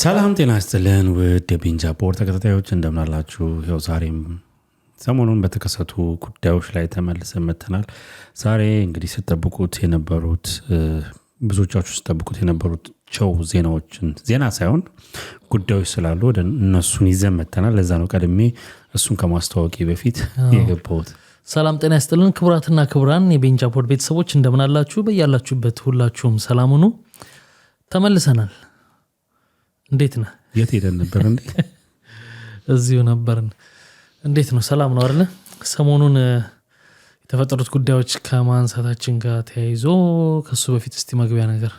ሰላም ጤና ይስጥልን ውድ የቤንጃ ፖር ተከታታዮች እንደምናላችሁ። ይኸው ዛሬም ሰሞኑን በተከሰቱ ጉዳዮች ላይ ተመልሰን መጥተናል። ዛሬ እንግዲህ ስጠብቁት የነበሩት ብዙዎቻችሁ ስጠብቁት የነበሩት ቸው ዜናዎችን ዜና ሳይሆን ጉዳዮች ስላሉ ወደ እነሱን ይዘን መጥተናል። ለዛ ነው ቀድሜ እሱን ከማስተዋወቂ በፊት የገባሁት። ሰላም ጤና ይስጥልን ክቡራትና ክቡራን የቤንጃፖር ቤተሰቦች እንደምናላችሁ። በያላችሁበት ሁላችሁም ሰላም ሁኑ። ተመልሰናል እንዴት ነህ? የት ሄደን ነበር እንዴ? እዚሁ ነበርን። እንዴት ነው? ሰላም ነው አይደለ? ሰሞኑን የተፈጠሩት ጉዳዮች ከማንሳታችን ጋር ተያይዞ ከሱ በፊት እስቲ መግቢያ ነገር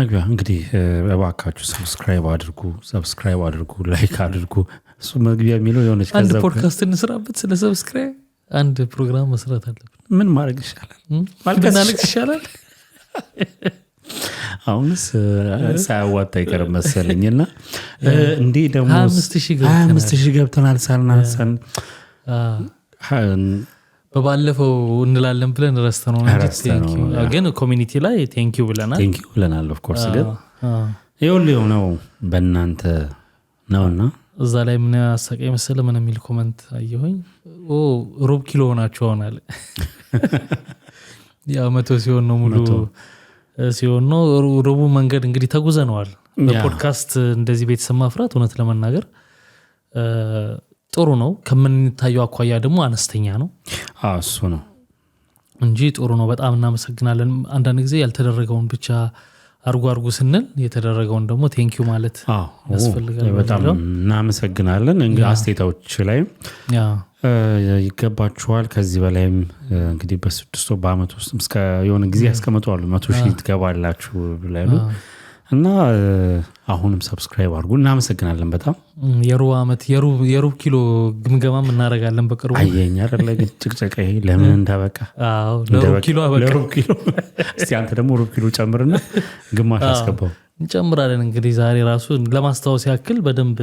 መግቢያ እንግዲህ እባካችሁ ሰብስክራይብ አድርጉ፣ ሰብስክራይብ አድርጉ፣ ላይክ አድርጉ። እሱ መግቢያ የሚለው የሆነች አንድ ፖድካስት እንስራበት። ስለ ሰብስክራይብ አንድ ፕሮግራም መስራት አለብን። ምን ማድረግ ይሻላል? ማልቀስ ይሻላል? አሁን ሳያዋጣ አይቀርም እና እንዲህ ደግሞ ሀያ አምስት ሺህ ገብተናል ሳልናሰን በባለፈው እንላለን ብለን ረስተ ነው ግን ኮሚኒቲ ላይ ቴንኪው ብለናል ብለናል ኦፍኮርስ ግን ይኸውልህ ነው በእናንተ ነውና እዛ ላይ ምን አሳቀኝ መሰለ ምን የሚል ኮመንት አየሁኝ ሩብ ኪሎ ሆናችሁ ሆናል ያ መቶ ሲሆን ነው ሙሉ ሲሆን ነው። መንገድ እንግዲህ ተጉዘነዋል። በፖድካስት እንደዚህ ቤተሰብ ማፍራት እውነት ለመናገር ጥሩ ነው። ከምንታየው አኳያ ደግሞ አነስተኛ ነው። እሱ ነው እንጂ ጥሩ ነው። በጣም እናመሰግናለን። አንዳንድ ጊዜ ያልተደረገውን ብቻ አርጎ አርጉ ስንል የተደረገውን ደግሞ ቴንኪዩ ማለት ያስፈልጋል። በጣም እናመሰግናለን። አስቴታዎች ላይም ይገባችኋል። ከዚህ በላይም እንግዲህ በስድስቶ በአመት ውስጥ የሆነ ጊዜ ያስቀምጡ አሉ መቶ ሺህ ትገባላችሁ ብላሉ እና አሁንም ሰብስክራይብ አድርጉ። እናመሰግናለን በጣም የሩብ ዓመት የሩብ ኪሎ ግምገማም እናደርጋለን በቅርቡ። አየኛ አይደለ ግን ጭቅጨቀ ለምን እንዳበቃ ለሩብ ኪሎ እስቲ አንተ ደግሞ ሩብ ኪሎ ጨምርና ግማሽ አስገባው። እንጨምራለን እንግዲህ ዛሬ ራሱ ለማስታወስ ያክል በደንብ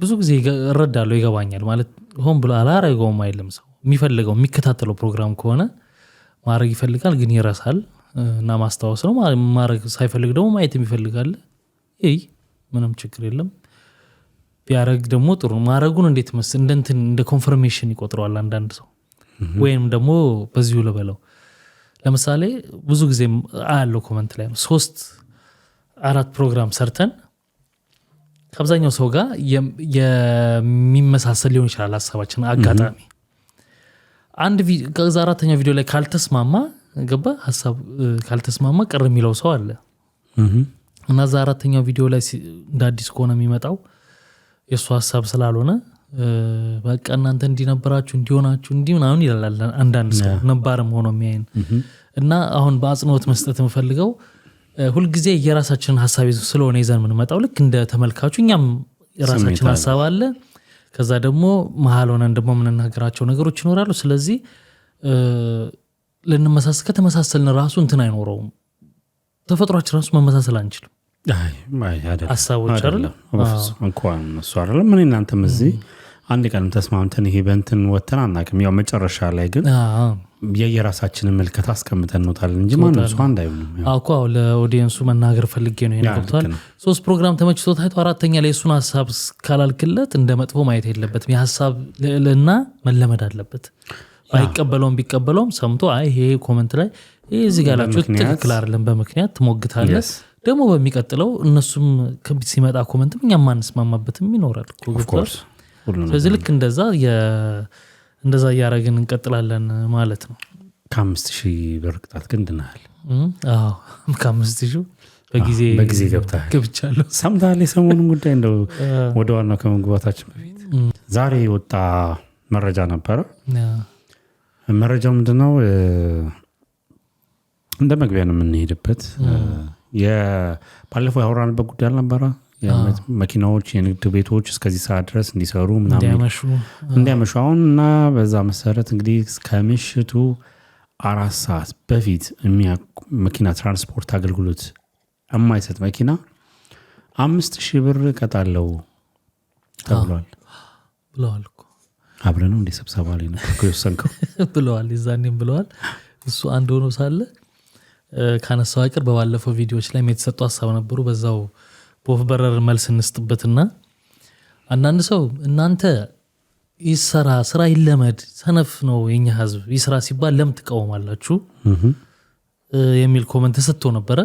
ብዙ ጊዜ እረዳለሁ፣ ይገባኛል። ማለት ሆን ብሎ አላረገውም አይልም ሰው የሚፈልገው የሚከታተለው ፕሮግራም ከሆነ ማድረግ ይፈልጋል፣ ግን ይረሳል እና ማስታወስ ነው። ማድረግ ሳይፈልግ ደግሞ ማየት ይፈልጋል። ይ ምንም ችግር የለም። ቢያደረግ ደግሞ ጥሩ ነው። ማድረጉን እንዴት መስ እንደ እንደ ኮንፈርሜሽን ይቆጥረዋል አንዳንድ ሰው ወይም ደግሞ በዚሁ ልበለው ለምሳሌ ብዙ ጊዜ አያለው ኮመንት ላይ ሶስት አራት ፕሮግራም ሰርተን ከአብዛኛው ሰው ጋር የሚመሳሰል ሊሆን ይችላል ሀሳባችን አጋጣሚ አንድ ከዛ አራተኛው ቪዲዮ ላይ ካልተስማማ ገባ ሀሳብ ካልተስማማ ቅር የሚለው ሰው አለ እና ዛ አራተኛው ቪዲዮ ላይ እንደ አዲስ ከሆነ የሚመጣው የእሱ ሀሳብ ስላልሆነ በቃ እናንተ እንዲነበራችሁ እንዲሆናችሁ እንዲ ምናምን ይላል አንዳንድ ሰው ነባርም ሆኖ የሚያይን እና አሁን በአጽንኦት መስጠት የምፈልገው ሁልጊዜ የራሳችንን ሀሳብ ስለሆነ ይዘን የምንመጣው ልክ እንደ ተመልካቹ እኛም የራሳችን ሀሳብ አለ። ከዛ ደግሞ መሀል ሆነን ደግሞ የምንናገራቸው ነገሮች ይኖራሉ። ስለዚህ ልንመሳሰል ከተመሳሰልን ራሱ እንትን አይኖረውም። ተፈጥሯችን ራሱ መመሳሰል አንችልም። ሀሳቦች እሱ ምን እናንተም እዚህ አንድ ቀንም ተስማምተን ይሄ በንትን ወተን አናቅም ያው መጨረሻ ላይ ግን የየራሳችንን መልከት አስቀምጠን እንወጣለን እንጂ ማንም ሰው አንድ አይሆንም። አዎ ለኦዲየንሱ መናገር ፈልጌ ነው። ገብቷል። ሶስት ፕሮግራም ተመችቶ ታይቶ አራተኛ ላይ እሱን ሀሳብ ካላልክለት እንደ መጥፎ ማየት የለበትም። የሀሳብ ልዕልና መለመድ አለበት። ባይቀበለውም ቢቀበለውም ሰምቶ አይ ይሄ ኮመንት ላይ ይህ እዚህ ጋር ላችሁ ትክክል አይደለም በምክንያት ትሞግታለህ ደግሞ በሚቀጥለው እነሱም ሲመጣ ኮመንትም እኛም ማንስማማበትም ይኖራል። ስለዚህ ልክ እንደዛ እንደዛ እያደረግን እንቀጥላለን ማለት ነው ከአምስት ሺህ ብር ቅጣት ግን ድናል ከአምስት ሺ በጊዜ በጊዜ ገብታል ሰምታል የሰሞኑን ጉዳይ እንደው ወደ ዋናው ከመግባታችን በፊት ዛሬ የወጣ መረጃ ነበረ መረጃው ምንድነው እንደ መግቢያ ነው የምንሄድበት ባለፈው ያወራንበት ጉዳይ አልነበረ መኪናዎች፣ የንግድ ቤቶች እስከዚህ ሰዓት ድረስ እንዲሰሩ እንዲያመሹ አሁን እና በዛ መሰረት እንግዲህ ከምሽቱ አራት ሰዓት በፊት መኪና ትራንስፖርት አገልግሎት የማይሰጥ መኪና አምስት ሺህ ብር እቀጣለሁ ተብሏል ብለዋል። አብረ ነው እንደ ስብሰባ ላይ ነው የወሰንከው ብለዋል። ይዛኔም ብለዋል። እሱ አንድ ሆኖ ሳለ ካነሳው አይቀር በባለፈው ቪዲዮዎች ላይ የተሰጡ ሀሳብ ነበሩ በዛው ቦፍ በረር መልስ እንስጥበትና አንዳንድ ሰው እናንተ ይሰራ ስራ ይለመድ ሰነፍ ነው የኛ ህዝብ ይስራ ሲባል ለም ትቃወማላችሁ የሚል ኮመንት ተሰጥቶ ነበረ።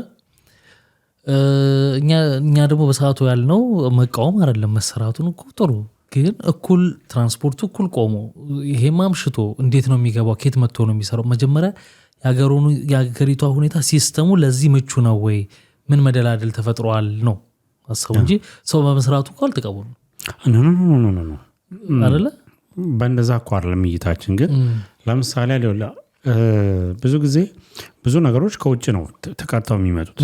እኛ ደግሞ በሰዓቱ ያልነው መቃወም አይደለም መሰራቱን እኮ ጥሩ ግን እኩል ትራንስፖርቱ እኩል ቆሞ ይሄም አምሽቶ እንዴት ነው የሚገባው? ኬት መጥቶ ነው የሚሰራው? መጀመሪያ የሀገሪቷ ሁኔታ ሲስተሙ ለዚህ ምቹ ነው ወይ? ምን መደላደል ተፈጥሯል ነው አስቡ እንጂ ሰው በመስራቱ እኮ አልተቀቡ አለ በእንደዛ እኮ አይደለም እይታችን። ግን ለምሳሌ ሌላ ብዙ ጊዜ ብዙ ነገሮች ከውጭ ነው ተቀርተው የሚመጡት።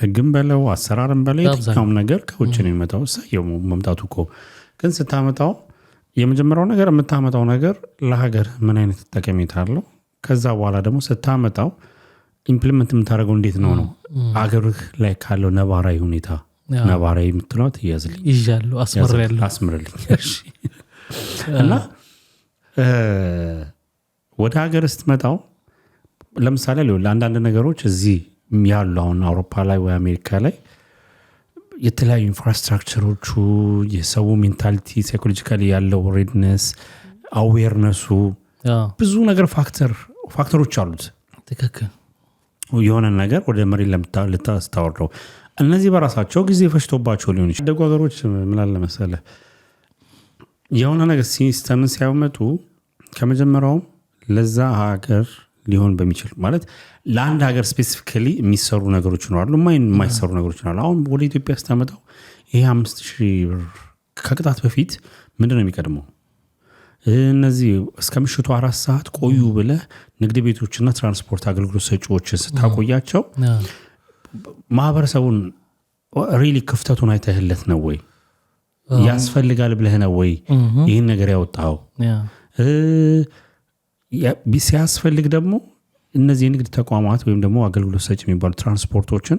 ህግም በለው አሰራርም በለው የትኛውም ነገር ከውጭ ነው የሚመጣው። እሰየው መምጣቱ እኮ ግን ስታመጣው የመጀመሪያው ነገር የምታመጣው ነገር ለሀገር ምን አይነት ጠቀሜታ አለው? ከዛ በኋላ ደግሞ ስታመጣው ኢምፕሊመንት የምታደርገው እንዴት ነው ነው አገር ላይ ካለው ነባራዊ ሁኔታ ነባራዊ የምትለዋ ትያዝልኝ ይዣለሁ፣ አስመራለሁ፣ አስምርልኝ እና ወደ ሀገር ስትመጣው ለምሳሌ ሊሆን ለአንዳንድ ነገሮች እዚህ ያሉ አሁን አውሮፓ ላይ ወይ አሜሪካ ላይ የተለያዩ ኢንፍራስትራክቸሮቹ የሰው ሜንታሊቲ ሳይኮሎጂካሊ ያለው ሬድነስ አዌርነሱ ብዙ ነገር ፋክተር ፋክተሮች አሉት። ትክክል የሆነ ነገር ወደ መሬት ልታወርደው እነዚህ በራሳቸው ጊዜ ፈሽቶባቸው ሊሆን ይችላል። ያደጉ ሀገሮች ምናለ መሰለህ የሆነ ነገር ሲስተምን ሲያመጡ ከመጀመሪያውም ለዛ ሀገር ሊሆን በሚችል ማለት ለአንድ ሀገር ስፔሲፊካሊ የሚሰሩ ነገሮች ይኖራሉ፣ የማይሰሩ ነገሮች ይኖራሉ። አሁን ወደ ኢትዮጵያ ስታመጣው ይሄ አምስት ሺህ ብር ከቅጣት በፊት ምንድን ነው የሚቀድመው? እነዚህ እስከ ምሽቱ አራት ሰዓት ቆዩ ብለህ ንግድ ቤቶችና ትራንስፖርት አገልግሎት ሰጪዎችን ስታቆያቸው ማህበረሰቡን ሪሊ ክፍተቱን አይተህለት ነው ወይ ያስፈልጋል ብለህ ነው ወይ ይህን ነገር ያወጣው ሲያስፈልግ ደግሞ እነዚህ የንግድ ተቋማት ወይም ደግሞ አገልግሎት ሰጭ የሚባሉ ትራንስፖርቶችን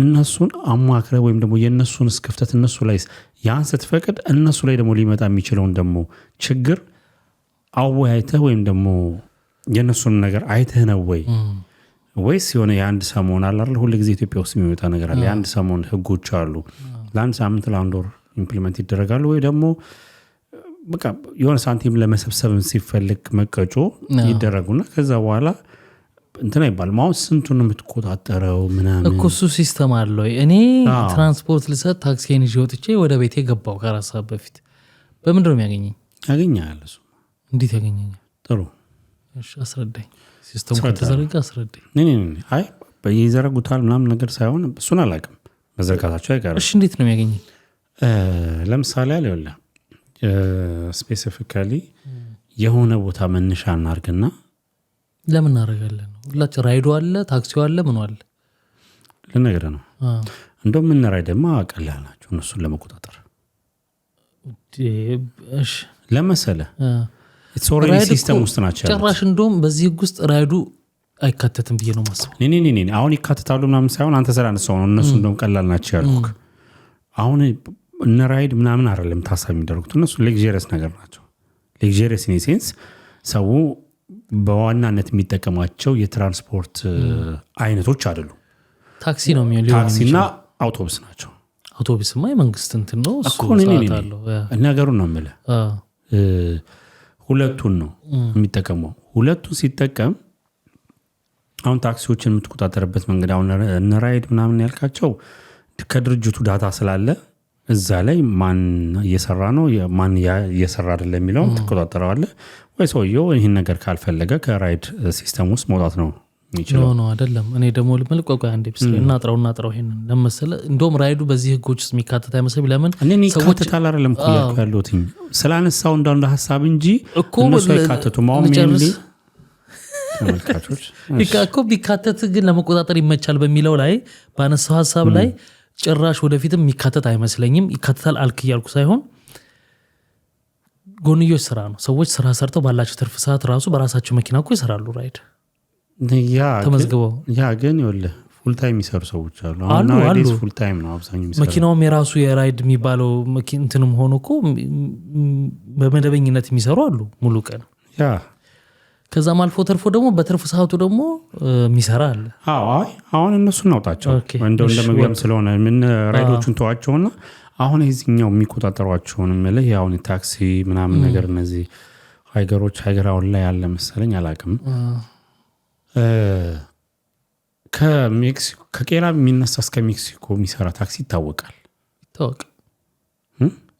እነሱን አማክረ ወይም ደግሞ የእነሱን ክፍተት እነሱ ላይ ያን ስትፈቅድ እነሱ ላይ ደግሞ ሊመጣ የሚችለውን ደግሞ ችግር አወያይተህ ወይም ደግሞ የእነሱን ነገር አይተህ ነው ወይ ወይስ የሆነ የአንድ ሰሞን አላለ ሁል ጊዜ ኢትዮጵያ ውስጥ የሚመጣ ነገር አለ። የአንድ ሰሞን ህጎች አሉ። ለአንድ ሳምንት ለአንድ ወር ኢምፕሊመንት ይደረጋሉ። ወይ ደግሞ በቃ የሆነ ሳንቲም ለመሰብሰብ ሲፈልግ መቀጮ ይደረጉና ከዛ በኋላ እንትን አይባልም። አሁን ስንቱን የምትቆጣጠረው ምናምን እኮ እሱ ሲስተም አለው። እኔ ትራንስፖርት ልሰጥ ታክሲን ይዤ ወጥቼ ወደ ቤቴ ገባው ከአራት ሰዓት በፊት በምንድን ነው የሚያገኘኝ? ያገኛል። እሱ እንዴት ያገኘኛል? ጥሩ አስረዳኝ። ሲስተሙ ከተዘረጋ አስረዳ። አይ ይዘረጉታል ምናምን ነገር ሳይሆን እሱን አላውቅም። መዘርጋታቸው አይቀርም። እሺ እንዴት ነው የሚያገኝ? ለምሳሌ አለ ይኸውልህ፣ ስፔሲፊካሊ የሆነ ቦታ መነሻ እናርግና ለምን እናደርጋለን? ሁላችን ራይዶ አለ፣ ታክሲው አለ፣ ምኑ አለ። ልነግርህ ነው እንደው የምንራይ ደግሞ ቀላል ናቸው እነሱን ለመቆጣጠር ለመሰለህ ሲስተም ውስጥ ናቸው። ጭራሽ እንደውም በዚህ ህግ ውስጥ ራይዱ አይካተትም ብዬ ነው ማስበው። አሁን ይካተታሉ ምናምን ሳይሆን አንተ ስላነሳው ነው እነሱ እንደውም ቀላል ናቸው ያልኩህ። አሁን እነ ራይድ ምናምን አይደለም ታሳቢ የሚደረጉት እነሱ ሌክዠሪየስ ነገር ናቸው። ሌክዠሪየስ ኢን ሴንስ ሰው በዋናነት የሚጠቀማቸው የትራንስፖርት አይነቶች አይደሉ ታክሲ ነው የሚሆን ታክሲና አውቶቡስ ናቸው። አውቶቡስማ የመንግስት እንትን ነው ነገሩን ነው ምለ ሁለቱን ነው የሚጠቀመው። ሁለቱን ሲጠቀም አሁን ታክሲዎችን የምትቆጣጠርበት መንገድ አሁን እንራይድ ምናምን ያልካቸው ከድርጅቱ ዳታ ስላለ እዛ ላይ ማን እየሰራ ነው ማን እየሰራ አይደለ የሚለውን ትቆጣጠረዋለ ወይ ሰውየው ይህን ነገር ካልፈለገ ከራይድ ሲስተም ውስጥ መውጣት ነው ኖ ኖ አይደለም። እኔ ደግሞ ልመል ቆቆ አንዴ ስ እናጥረው እናጥረው ይሄንን ለመሰለ እንደውም ራይዱ በዚህ ህጎች ውስጥ የሚካተት አይመስል ለምን እኔ ይካተታል አይደለም ስላነሳው እንዳንዱ ሀሳብ እንጂ እኮ እነሱ አይካተቱም። አሁን ቢካተት ግን ለመቆጣጠር ይመቻል በሚለው ላይ ባነሳው ሀሳብ ላይ ጭራሽ ወደፊትም የሚካተት አይመስለኝም። ይካተታል አልክ እያልኩ ሳይሆን ጎንዮች ስራ ነው። ሰዎች ስራ ሰርተው ባላቸው ትርፍ ሰዓት ራሱ በራሳቸው መኪና እኮ ይሰራሉ ራይድ ተመዝግበው ያ ግን ይኸውልህ ፉል የሚሰሩ ሰዎች አሉ። አሉ አሉ ፉልታይም ነው አብዛኛው። መኪናውም የራሱ የራይድ የሚባለው እንትንም ሆኖ እኮ በመደበኝነት የሚሰሩ አሉ ሙሉ ቀን። ያ ከዛም አልፎ ተርፎ ደግሞ በትርፍ ሰዓቱ ደግሞ የሚሰራ አለ። አይ አሁን እነሱ እናውጣቸው እንደው እንደ መግቢያም ስለሆነ ምን ራይዶቹን ተዋቸውና አሁን የዚኛው የሚቆጣጠሯቸውን ምል አሁን ታክሲ ምናምን ነገር እነዚህ ሀይገሮች ሀይገር አሁን ላይ ያለ መሰለኝ አላቅም ከሜክሲኮ ከቄራ የሚነሳ እስከ ሜክሲኮ የሚሰራ ታክሲ ይታወቃል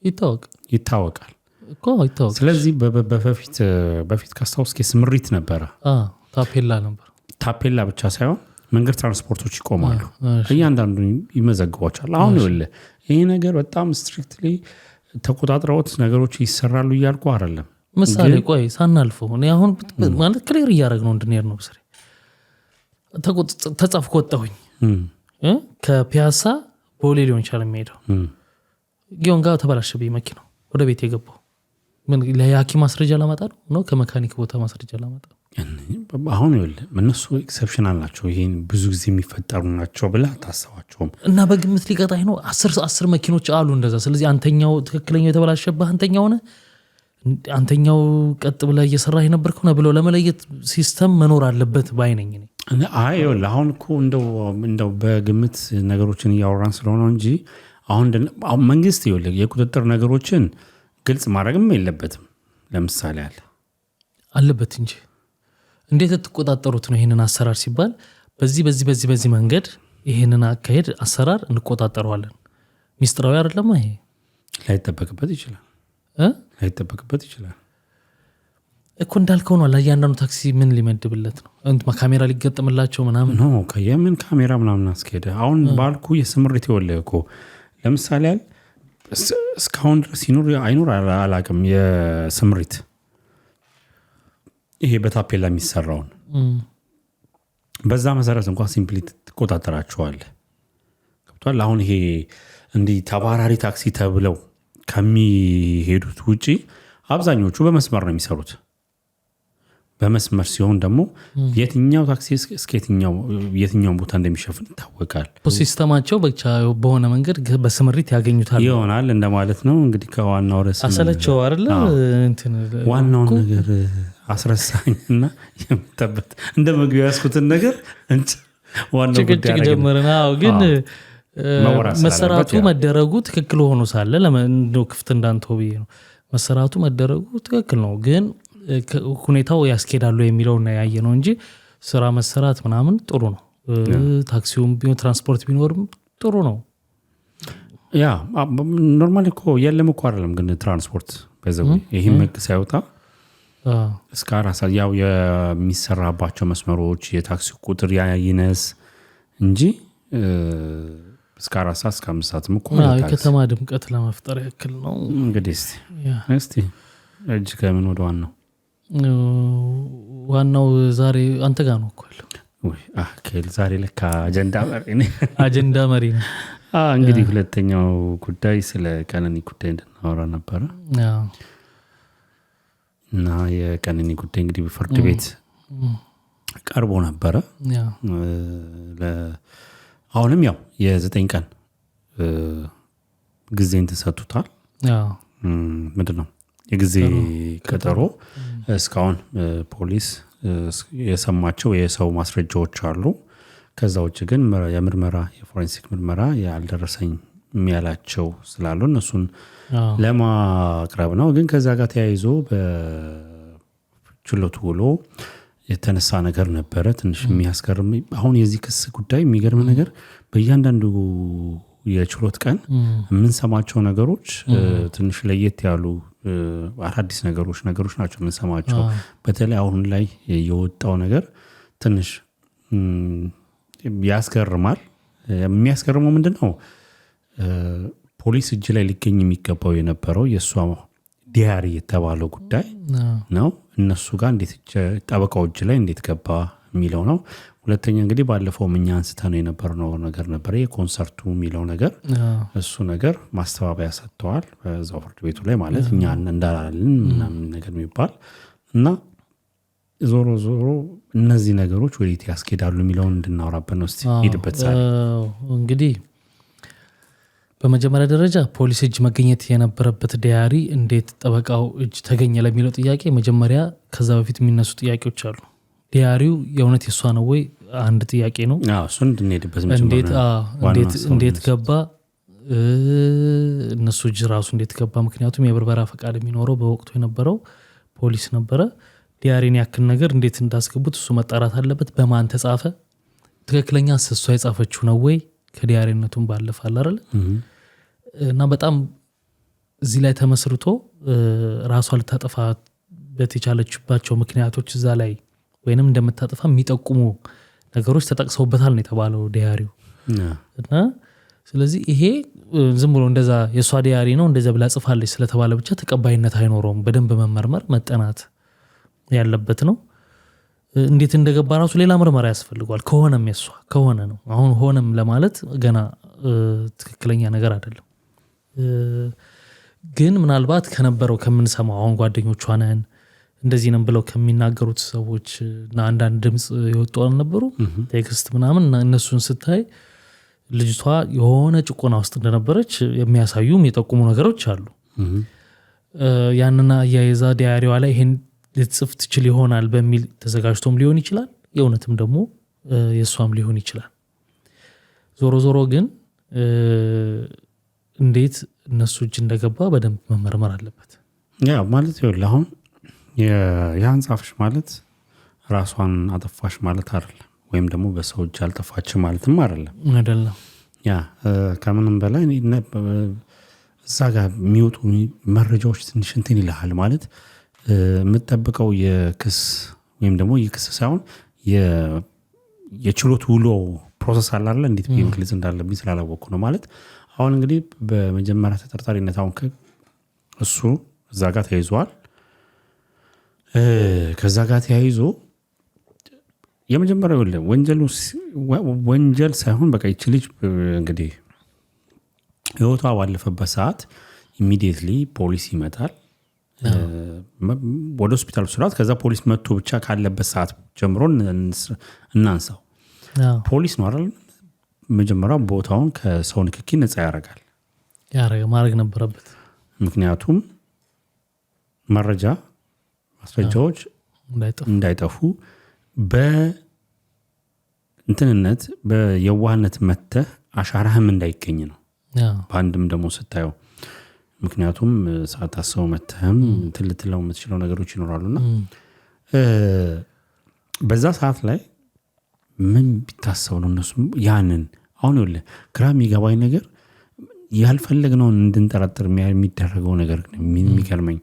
ይታወቃል ይታወቃል ስለዚህ በፊት በፊት ካስታውስ ስምሪት ነበረ፣ ታፔላ ነበር። ታፔላ ብቻ ሳይሆን መንገድ ትራንስፖርቶች ይቆማሉ፣ እያንዳንዱ ይመዘግቧቸዋል። አሁን ይወለ ይሄ ነገር በጣም ስትሪክትሊ ተቆጣጥረውት ነገሮች ይሰራሉ እያልኩ አይደለም። ምሳሌ ቆይ ሳናልፈው አሁን ማለት ክሌር እያደረግ ነው እንድንሄድ ነው ተጻፍኩ ወጣሁኝ። ከፒያሳ ቦሌ ሊሆን ይችላል የሚሄደው ጊዮን ጋር ተበላሸ ተበላሸብኝ መኪናው። ወደ ቤት የገባው ለያኪ ማስረጃ ለማጣ ነው ነው ከመካኒክ ቦታ ማስረጃ ለማጣ አሁን ይኸውልህ እነሱ ኤክሰፕሽን አላቸው ይህን ብዙ ጊዜ የሚፈጠሩ ናቸው ብለህ ታሰባቸውም እና በግምት ሊቀጣኝ ነው። አስር አስር መኪኖች አሉ እንደዛ። ስለዚህ አንተኛው ትክክለኛው የተበላሸብህ አንተኛ ሆነ አንተኛው ቀጥ ብለህ እየሰራ የነበርከው ነው ብለው ለመለየት ሲስተም መኖር አለበት ባይነኝ እኔ አይ አሁን እኮ እንደው በግምት ነገሮችን እያወራን ስለሆነ እንጂ አሁን መንግስት ይኸውልህ የቁጥጥር ነገሮችን ግልጽ ማድረግም የለበትም። ለምሳሌ አለ አለበት እንጂ እንዴት ትቆጣጠሩት ነው ይህንን አሰራር ሲባል በዚህ በዚህ በዚህ በዚህ መንገድ ይህንን አካሄድ አሰራር እንቆጣጠረዋለን። ሚስጥራዊ አይደለማ ይሄ ላይጠበቅበት ይችላል ላይጠበቅበት ይችላል። እኮ እንዳልከው ነው። ለእያንዳንዱ ታክሲ ምን ሊመድብለት ነው? ካሜራ ሊገጥምላቸው ምናምን የምን ካሜራ ምናምን አስኬደ? አሁን ባልኩ የስምሪት የወለ እኮ ለምሳሌ ያል እስካሁን ድረስ ይኑር አይኑር አላቅም። የስምሪት ይሄ በታፔላ የሚሰራውን በዛ መሰረት እንኳ ሲምፕሊ ትቆጣጠራቸዋለህ። ገብቷል። አሁን ይሄ እንዲህ ተባራሪ ታክሲ ተብለው ከሚሄዱት ውጪ አብዛኞቹ በመስመር ነው የሚሰሩት። በመስመር ሲሆን ደግሞ የትኛው ታክሲ የትኛውን ቦታ እንደሚሸፍን ይታወቃል። ሲስተማቸው ብቻ በሆነ መንገድ በስምሪት ያገኙታል ይሆናል እንደማለት ነው። እንግዲህ ከዋናው ረስ አሰለቸው አለ ዋናውን ነገር አስረሳኝ እና የምጠበት እንደ መግቢያ ያስኩትን ነገር ጭቅጭቅ ጀምርና ግን መሰራቱ መደረጉ ትክክል ሆኖ ሳለ ክፍት እንዳንተው ብዬ ነው መሰራቱ መደረጉ ትክክል ነው ግን ሁኔታው ያስኬዳሉ የሚለውን ያየ ነው እንጂ ስራ መሰራት ምናምን ጥሩ ነው። ታክሲውም ቢሆን ትራንስፖርት ቢኖርም ጥሩ ነው። ያ ኖርማል እኮ የለም እኮ አይደለም ግን ትራንስፖርት በዘ ይህም ህግ ሳይወጣ እስከ አራት ያው የሚሰራባቸው መስመሮች የታክሲ ቁጥር ያይነስ እንጂ እስከ አራት እስከ አምስት ሰዓት እኮ የከተማ ድምቀት ለመፍጠር ያክል ነው። እንግዲህ እስቲ እስቲ እጅ ከምን ወደዋን ነው ዋናው ዛሬ አንተ ጋር ነው ዛሬ ለካ አጀንዳ መሪ አጀንዳ መሪ ነው እንግዲህ ሁለተኛው ጉዳይ ስለ ቀነኒ ጉዳይ እንድናወራ ነበረ እና የቀነኒ ጉዳይ እንግዲህ በፍርድ ቤት ቀርቦ ነበረ አሁንም ያው የዘጠኝ ቀን ጊዜን ተሰጡታል ምንድን ነው የጊዜ ቀጠሮ እስካሁን ፖሊስ የሰማቸው የሰው ማስረጃዎች አሉ። ከዛ ውጭ ግን የምርመራ የፎረንሲክ ምርመራ ያልደረሰኝ የሚያላቸው ስላሉ እነሱን ለማቅረብ ነው። ግን ከዛ ጋር ተያይዞ በችሎቱ ውሎ የተነሳ ነገር ነበረ ትንሽ የሚያስገርም። አሁን የዚህ ክስ ጉዳይ የሚገርም ነገር በእያንዳንዱ የችሎት ቀን የምንሰማቸው ነገሮች ትንሽ ለየት ያሉ አዳዲስ ነገሮች ነገሮች ናቸው የምንሰማቸው። በተለይ አሁን ላይ የወጣው ነገር ትንሽ ያስገርማል። የሚያስገርመው ምንድን ነው? ፖሊስ እጅ ላይ ሊገኝ የሚገባው የነበረው የእሷ ዲያሪ የተባለው ጉዳይ ነው። እነሱ ጋር እንዴት ጠበቃው እጅ ላይ እንዴት ገባ የሚለው ነው። ሁለተኛ እንግዲህ ባለፈውም እኛ አንስተን የነበርነው ነገር ነበረ የኮንሰርቱ የሚለው ነገር እሱ ነገር ማስተባበያ ሰጥተዋል በዛው ፍርድ ቤቱ ላይ ማለት እኛ እንዳላልን ምናምን ነገር የሚባል እና ዞሮ ዞሮ እነዚህ ነገሮች ወዴት ያስኬዳሉ የሚለውን እንድናወራበት ነው ስ ሄድበት ሳ እንግዲህ በመጀመሪያ ደረጃ ፖሊስ እጅ መገኘት የነበረበት ዲያሪ እንዴት ጠበቃው እጅ ተገኘ ለሚለው ጥያቄ መጀመሪያ ከዛ በፊት የሚነሱ ጥያቄዎች አሉ ዲያሪው የእውነት የእሷ ነው ወይ አንድ ጥያቄ ነው። እሱ እንድንሄድበት እንዴት ገባ እነሱ እጅ ራሱ እንዴት ገባ? ምክንያቱም የብርበራ ፈቃድ የሚኖረው በወቅቱ የነበረው ፖሊስ ነበረ። ዲያሪን ያክል ነገር እንዴት እንዳስገቡት እሱ መጣራት አለበት። በማን ተጻፈ? ትክክለኛ ስሷ የጻፈችው ነው ወይ? ከዲያሪነቱን ባለፈ አላረለ እና በጣም እዚህ ላይ ተመስርቶ ራሷ ልታጠፋበት የቻለችባቸው ምክንያቶች እዛ ላይ ወይንም እንደምታጠፋ የሚጠቁሙ ነገሮች ተጠቅሰውበታል ነው የተባለው ዲያሪው እና ስለዚህ ይሄ ዝም ብሎ እንደዛ የእሷ ዲያሪ ነው እንደዚ ብላ ጽፋለች ስለተባለ ብቻ ተቀባይነት አይኖረውም በደንብ መመርመር መጠናት ያለበት ነው እንዴት እንደገባ ራሱ ሌላ ምርመራ ያስፈልገዋል ከሆነም የሷ ከሆነ ነው አሁን ሆነም ለማለት ገና ትክክለኛ ነገር አይደለም ግን ምናልባት ከነበረው ከምንሰማው አሁን ጓደኞቿ ነን እንደዚህ ነው ብለው ከሚናገሩት ሰዎች እና አንዳንድ ድምፅ የወጡ አልነበሩ ቴክስት ምናምን እነሱን ስታይ ልጅቷ የሆነ ጭቆና ውስጥ እንደነበረች የሚያሳዩ የጠቁሙ ነገሮች አሉ። ያንና አያይዛ ዲያሪዋ ላይ ይሄን ልጽፍ ትችል ይሆናል በሚል ተዘጋጅቶም ሊሆን ይችላል፣ የእውነትም ደግሞ የእሷም ሊሆን ይችላል። ዞሮ ዞሮ ግን እንዴት እነሱ እጅ እንደገባ በደንብ መመርመር አለበት። ማለት አሁን የአንጻፍሽ ማለት ራሷን አጠፋሽ ማለት አይደለም፣ ወይም ደግሞ በሰው እጅ አልጠፋች ማለትም አይደለም። አይደለም ያ ከምንም በላይ እዛ ጋር የሚወጡ መረጃዎች ትንሽ እንትን ይልሃል ማለት የምጠብቀው የክስ ወይም ደግሞ የክስ ሳይሆን የችሎት ውሎ ፕሮሰስ አላለ እንዴት ግልጽ እንዳለብኝ ስላላወቅኩ ነው። ማለት አሁን እንግዲህ በመጀመሪያ ተጠርጣሪነት አሁን እሱ እዛ ጋር ተይዘዋል ከዛ ጋር ተያይዞ የመጀመሪያው ወንጀል ሳይሆን በቃ ይች ልጅ እንግዲህ ህይወቷ ባለፈበት ሰዓት ኢሚዲየትሊ ፖሊስ ይመጣል ወደ ሆስፒታል ስራት ከዛ ፖሊስ መጥቶ ብቻ ካለበት ሰዓት ጀምሮ እናንሳው። ፖሊስ ነው መጀመሪያ ቦታውን ከሰው ንክኪ ነፃ ያደርጋል። ማድረግ ነበረበት። ምክንያቱም መረጃ ማስረጃዎች እንዳይጠፉ በእንትንነት በየዋህነት መተህ አሻራህም እንዳይገኝ ነው። በአንድም ደግሞ ስታየው ምክንያቱም ሳታስበው መተህም ትልትለው የምትችለው ነገሮች ይኖራሉና በዛ ሰዓት ላይ ምን ቢታሰብ ነው እነሱ ያንን አሁን ለ ግራ የሚገባኝ ነገር ያልፈለግነውን እንድንጠራጥር የሚደረገው ነገር የሚገርመኝ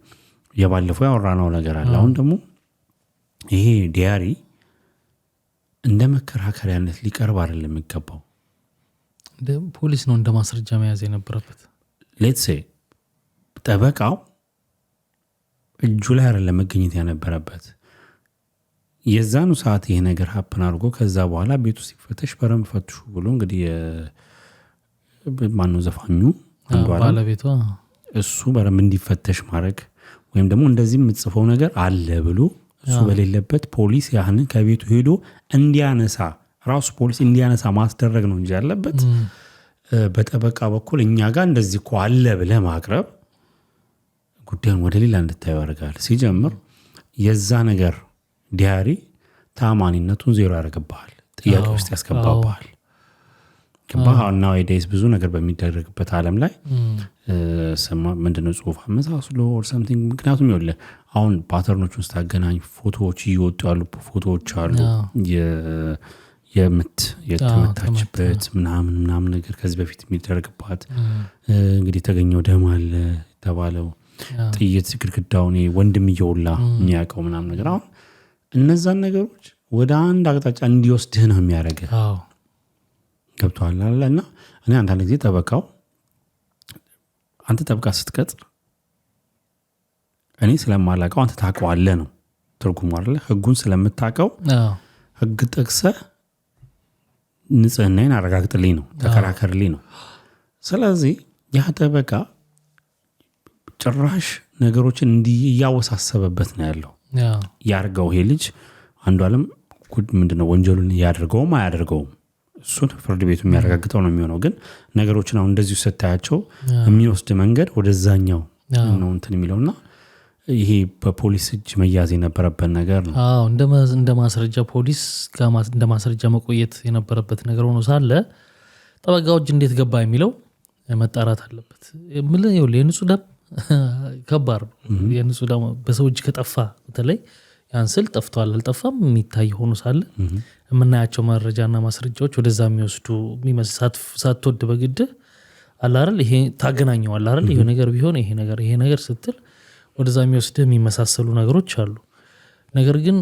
የባለፈው ያወራነው ነገር አለ። አሁን ደግሞ ይሄ ዲያሪ እንደ መከራከሪያነት ሊቀርብ አይደለም የሚገባው። ፖሊስ ነው እንደ ማስረጃ መያዝ የነበረበት። ሌትሴ ጠበቃው እጁ ላይ አይደለም መገኘት ያነበረበት። የዛኑ ሰዓት ይሄ ነገር ሀፕን አድርጎ ከዛ በኋላ ቤቱ ሲፈተሽ በረም ፈትሹ ብሎ እንግዲህ ማነው ዘፋኙ ባለቤቷ እሱ በረም እንዲፈተሽ ማድረግ ወይም ደግሞ እንደዚህ የምጽፈው ነገር አለ ብሎ እሱ በሌለበት ፖሊስ ያህንን ከቤቱ ሄዶ እንዲያነሳ ራሱ ፖሊስ እንዲያነሳ ማስደረግ ነው እንጂ ያለበት በጠበቃ በኩል እኛ ጋር እንደዚህ እኮ አለ ብለ ማቅረብ ጉዳዩን ወደ ሌላ እንድታየው ያደርጋል። ሲጀምር የዛ ነገር ዲያሪ ታማኒነቱን ዜሮ ያደርግብሃል፣ ጥያቄ ውስጥ ያስገባብሃል። ገባህ? ናዋይዴይስ ብዙ ነገር በሚደረግበት ዓለም ላይ ምንድነው ጽሁፍ አመሳስሎ ኦር ሰምቲንግ። ምክንያቱም ይወለ አሁን ፓተርኖቹን ስታገናኝ ፎቶዎች እየወጡ ያሉ ፎቶዎች አሉ የምት የተመታችበት ምናምን ምናምን ነገር ከዚህ በፊት የሚደረግባት እንግዲህ የተገኘው ደም አለ የተባለው ጥይት ግድግዳውን ወንድም እየውላ የሚያውቀው ምናምን ነገር አሁን እነዛን ነገሮች ወደ አንድ አቅጣጫ እንዲወስድህ ነው የሚያደረገ ገብተዋል አለ እና እኔ አንዳንድ ጊዜ ጠበቃው አንተ ጠብቃ ስትቀጥር እኔ ስለማላቀው አንተ ታቀዋለ ነው ትርጉሙ አለ። ህጉን ስለምታቀው ህግ ጥቅሰ ንጽህናዬን አረጋግጥልኝ ነው ተከራከርልኝ ነው። ስለዚህ ያ ጠበቃ ጭራሽ ነገሮችን እንዲ እያወሳሰበበት ነው ያለው። ያርገው ይሄ ልጅ አንዱ አለም ምንድነው ወንጀሉን እያደርገውም አያደርገውም እሱን ፍርድ ቤቱ የሚያረጋግጠው ነው የሚሆነው። ግን ነገሮችን አሁን እንደዚሁ ስታያቸው የሚወስድ መንገድ ወደዛኛው ነው እንትን የሚለውና ይሄ በፖሊስ እጅ መያዝ የነበረበት ነገር ነው። እንደ ማስረጃ ፖሊስ እንደ ማስረጃ መቆየት የነበረበት ነገር ሆኖ ሳለ ጠበቃዎች እንዴት ገባ የሚለው መጣራት አለበት። የንጹ ደም ከባድ ነው። የንጹህ ደም በሰው እጅ ከጠፋ በተለይ ያንስል ጠፍቷል አልጠፋም የሚታይ ሆኖ ሳለ የምናያቸው መረጃና ማስረጃዎች ወደዛ የሚወስዱ የሚመስል ሳትወድ በግድ አላረል ይሄ ታገናኘዋል አላረል ይሄ ነገር ቢሆን ይሄ ነገር ይሄ ነገር ስትል ወደዛ የሚወስድህ የሚመሳሰሉ ነገሮች አሉ። ነገር ግን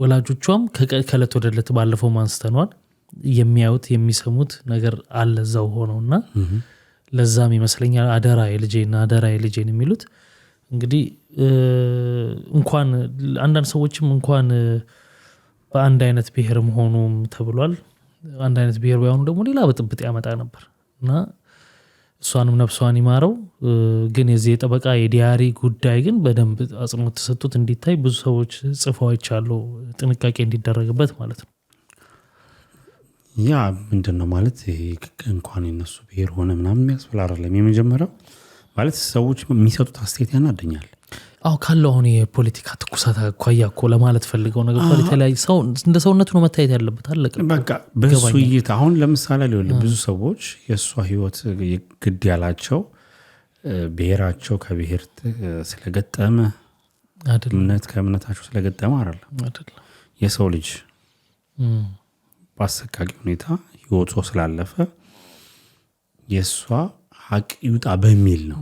ወላጆቿም ከእለት ወደ እለት ባለፈው ማንስተኗል የሚያዩት የሚሰሙት ነገር አለ ዛው ሆነው እና ለዛም ይመስለኛል አደራ የልጄን አደራ የልጄን የሚሉት እንግዲህ እንኳን አንዳንድ ሰዎችም እንኳን በአንድ አይነት ብሔር መሆኑም ተብሏል። አንድ አይነት ብሔር ባይሆኑ ደግሞ ሌላ በጥብጥ ያመጣ ነበር እና እሷንም ነብሷን ይማረው። ግን የዚህ የጠበቃ የዲያሪ ጉዳይ ግን በደንብ አጽንኦት ተሰጡት እንዲታይ ብዙ ሰዎች ጽፋዎች አሉ ጥንቃቄ እንዲደረግበት ማለት ነው። ያ ምንድን ነው ማለት እንኳን የነሱ ብሔር ሆነ ምናምን የሚያስፈል አይደለም። የመጀመሪያው ማለት ሰዎች የሚሰጡት አስተያየት ያናደኛል። አዎ ካለው አሁን የፖለቲካ ትኩሳት አኳያ እኮ ለማለት ፈልገው ነገር የተለያዩ ሰው እንደ ሰውነቱ ነው መታየት ያለበት። አለቀ በቃ በሱ እይታ። አሁን ለምሳሌ ሊሆን ብዙ ሰዎች የእሷ ህይወት ግድ ያላቸው ብሔራቸው ከብሔር ስለገጠመ እምነት ከእምነታቸው ስለገጠመ አለ የሰው ልጅ በአሰቃቂ ሁኔታ ህይወቱ ስላለፈ የእሷ ሀቅ ይውጣ በሚል ነው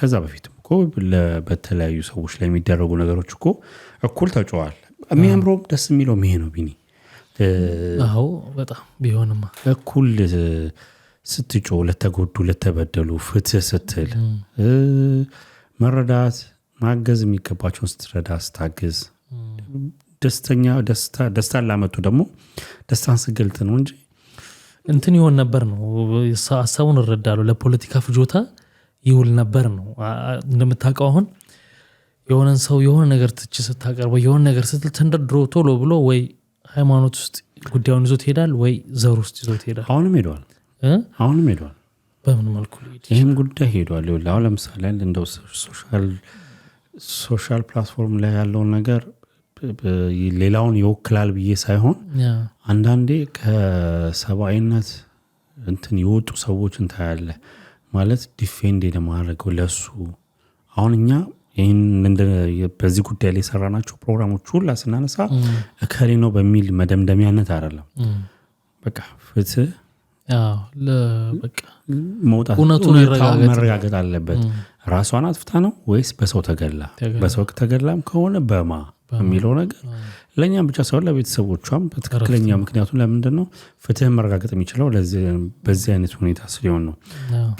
ከዛ በፊትም እኮ በተለያዩ ሰዎች ላይ የሚደረጉ ነገሮች እኮ እኩል ተጫዋል። የሚያምሮ ደስ የሚለው ይሄ ነው ቢኒ። አዎ በጣም ቢሆንማ እኩል ስትጮ ለተጎዱ ለተበደሉ ፍትህ ስትል መረዳት ማገዝ የሚገባቸውን ስትረዳ ስታግዝ ደስተኛ ደስታ ላመጡ ደግሞ ደስታን ስገልጥ ነው እንጂ እንትን ይሆን ነበር ነው ሀሳቡን እረዳለሁ ለፖለቲካ ፍጆታ ይውል ነበር ነው። እንደምታውቀው አሁን የሆነን ሰው የሆነ ነገር ትች ወይ የሆነ ነገር ስትል ተንደድሮ ቶሎ ብሎ ወይ ሃይማኖት ውስጥ ጉዳዩን ይዞት ሄዳል ወይ ዘር ውስጥ ይዞት ይሄዳል። አሁንም ሄደዋል፣ አሁንም ሄደዋል። በምን መልኩ ይህም ጉዳይ ሄደዋል። ይኸውልህ አሁን ለምሳሌ እንደው ሶሻል ፕላትፎርም ላይ ያለውን ነገር ሌላውን ይወክላል ብዬ ሳይሆን አንዳንዴ ከሰብአዊነት እንትን የወጡ ሰዎች እንታያለ ማለት ዲፌንድ የማድረገው ለሱ አሁን እኛ በዚህ ጉዳይ ላይ የሰራናቸው ፕሮግራሞች ሁላ ስናነሳ እከሌ ነው በሚል መደምደሚያነት አይደለም። በቃ ፍትህ መውጣት መረጋገጥ አለበት። ራሷን አጥፍታ ነው ወይስ በሰው ተገላ? በሰው ተገላም ከሆነ በማ የሚለው ነገር ለእኛም ብቻ ሳይሆን ለቤተሰቦቿም በትክክለኛ ምክንያቱ ለምንድን ነው ፍትህ መረጋገጥ የሚችለው በዚህ አይነት ሁኔታ ስለሆን ነው።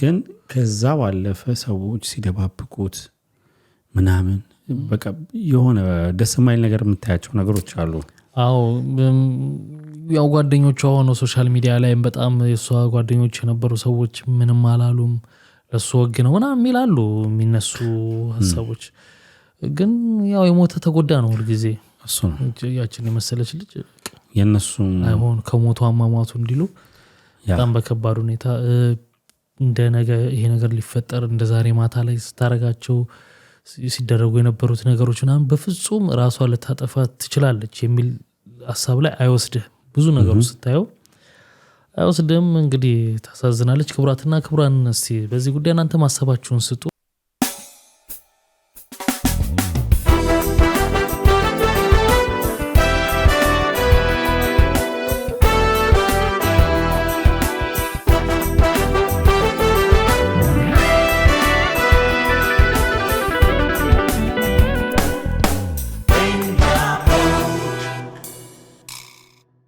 ግን ከዛ ባለፈ ሰዎች ሲደባብቁት ምናምን በቃ የሆነ ደስ የማይል ነገር የምታያቸው ነገሮች አሉ። አዎ ያው ጓደኞቿ ሆነው ሶሻል ሚዲያ ላይም በጣም የእሷ ጓደኞች የነበሩ ሰዎች ምንም አላሉም ለሱ ወግ ነው ምናምን የሚላሉ የሚነሱ ሀሳቦች ግን ያው የሞተ ተጎዳ ነው ሁልጊዜ ያችን የመሰለች ልጅ የነሱ አይሆን ከሞቱ አሟሟቱ እንዲሉ በጣም በከባድ ሁኔታ እንደ ነገ ይሄ ነገር ሊፈጠር እንደ ዛሬ ማታ ላይ ስታረጋቸው ሲደረጉ የነበሩት ነገሮች ናም በፍጹም ራሷ ልታጠፋ ትችላለች የሚል ሀሳብ ላይ አይወስድህም ብዙ ነገሩ ስታየው ስደም እንግዲህ ታሳዝናለች። ክቡራትና ክቡራን እስቲ በዚህ ጉዳይ እናንተ ማሰባችሁን ስጡ።